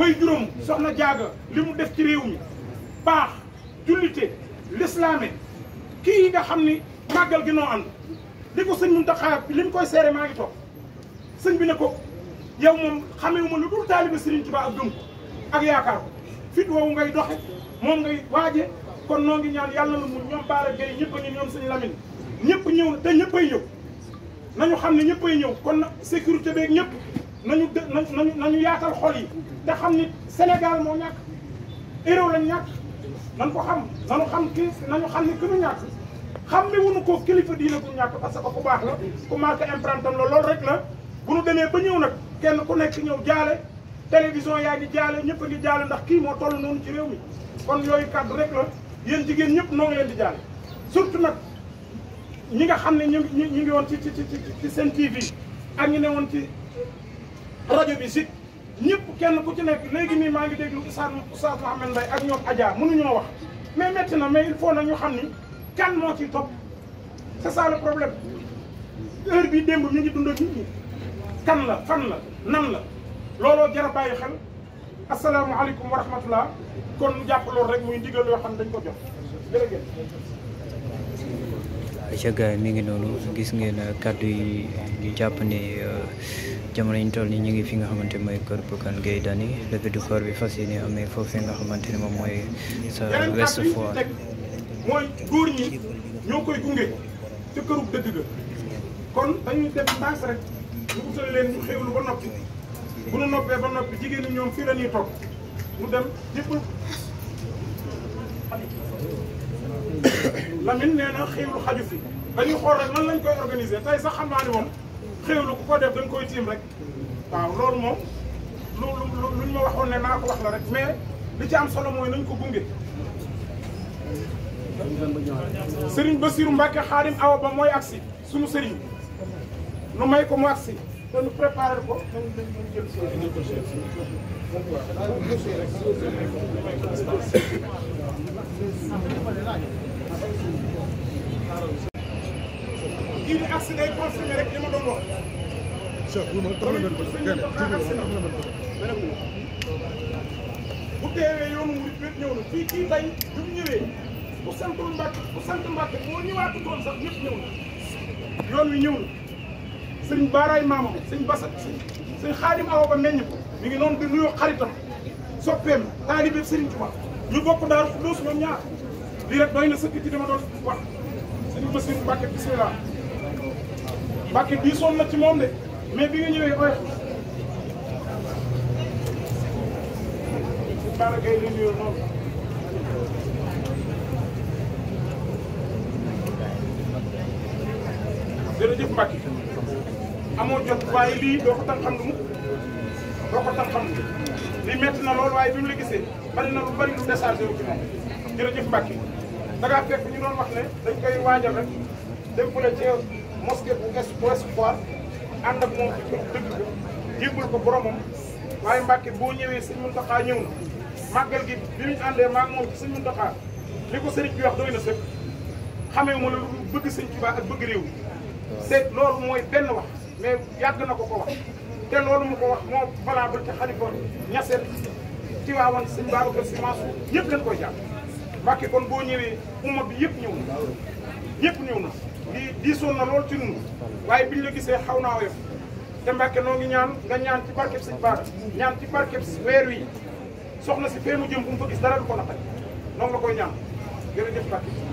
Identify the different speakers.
Speaker 1: way juróom soxna jaaga li mu def ci réew mi baax jullite lislaame kii nga xam ni tàggal gi noo ànd di ko sëñ Muntaxa li mu koy seere maa ngi toog sëñ bi ne ko yow moom xamewuma lu dul taalibe Sëriñ Tuubaa ak gëm ko ak yaakaar ko fit woowu ngay doxe moom ngay waaje kon noo ngi ñaan yàlla na mu ñoom baara gay ñëpp a ngi ñoom sëñ Lamine ñëpp ñëw te ñëppay ñëw nañu xam ne ñëppay ñëw kon na sécurité beeg ñëpp na ñu de na dë na ñu yaatal xol yi te xam ni Sénégal moo ñàkk euro lañ ñàkk nañ ko xam nañu xam na nañu xam ni ki nu ñàkk xam ne wuñu koo kilifa diina ku ñàkk parce que ku baax la ku marqué empreinte am la loolu rek la bu nu demee ba ñëw nag kenn ku nekk ñëw jaale télévision yaa ngi jaale ñëpp a ngi jaale ndax kii moo toll noonu ci réew mi kon yooyu kàddu rek la yéen jigéen ñëpp noo leen di jaale surtout nag ñi nga xam ne ñu ngi ñi ngi woon ci ci ci ci seen TV ak ñu ne woon ci rajo bi sit ñëpp kenn ku ci nekk léegi nii maa ngi déglu Oustaz Oustaz Mouhamed Mbaye ak ñoom Adja mënuñoo wax mais métti na mais il faut na ñu xam ni kan moo ci topp c'est ça problème heure bi démb mi ngi dund nit ñi kan la fan la nan la looloo jar a bàyyi xel asalaamaaleykum wa rahmatullah kon jàpp loolu rek muy ndigal yoo xam ne dañ ko jox ca gaay mi ngi noonu gis ngeen euh, kàddu yi ñu jàpp ni euh, jamono yi ñu toll nii ñu ngi fi nga xamante mooy kër Bougane Gueye Dany levée du corps bi fas yéene amee foofu nga xamante ne moom mooy sa Ouest Foire mooy góor ñi ñoo koy gunge ca këru dëgg ga kon dañuy def mbaas rek ñu utal leen ñu xewlu ba noppi bu nu noppee ba noppi jigéen ñoom fii la ñuy Lamine nee na xéwlu xaju fi dañuy xool rek man lañ koy organiser tey sa xam naa ne moom xéwlu ku ko def dañ koy tiim rek waaw loolu moom lu lu luñ ma waxoon ne naa ko wax la rek mais li ci am solo mooy lañ ko gunge. sëriñ Bassirou Mbacke Xaadim Awa Ba mooy agsi suñu sëriñ nu may ko mu agsi te nu préparé ko. kii bi agsi day confirmer rek li ma doon wax. Cheikh bu ma tax teewee yoonu murit wépp ñëw na fii kii tey bu ñëwee bu sant Mbàkke bu sant Mbàkke boo sax ñëpp ñëw na yoon wi ñëw na sëñ baaraay maamam sëñ basat sëñ xaadim awa ba meññ ko mi ngi noonu di nuyoo xaritam soppeem taalibe sëriñ Tuubaa ñu bokk daal fu doos ñoom ñaar lii rek doy na sëkk ci dama doon wax sëñ Basiru Mbàkke bismillah Mbàkke diisoon na ci moom de mais bi ñu ñëwee oyof. Baara Gueye li nuyu noonu. jërëjëf Mbacke amoo jot waaye lii doo ko tan xam lu mu doo ko tan xam lu na lool waaye bi mu la gisee bari na lu bari lu déchargé wu ci moom jërëjëf Mbacke da ngaa fekk ñu doon wax ne dañ koy waajal rek mosquée bu es bu espoir ànd ak moom ci tur dëgg ko jébbal ko boromam waaye Mbàkke boo ñëwee sëñ Muntaxa ñëw na màggal gi bi ñu àndee maag moom ci sëñ Muntaxa li ko sëriñ bi wax doy na sëkk xamee ma lu bëgg sëñ Tuubaa ak bëgg réew mi seet loolu mooy benn wax mais yàgg na ko ko wax te loolu mu ko wax moo valable te xalifoon ñaseen ci waawoon sëñ Babacar Si Mansour ñëpp lañ koy jàpp Mbàkke kon boo ñëwee umma bi yëpp ñëw na ñëpp ñëw na diisoon na lool ci ñun waaye biñ la gisee xaw naa woyof te Mbàkke noo ngi ñaan nga ñaan ci barkeb sëñ Bara ñaan ci barkeb weer wi soxna si feenu mu jëm bu mu fa gis dara du ko naqari noonu la koy ñaan jërëjëf Mbàkke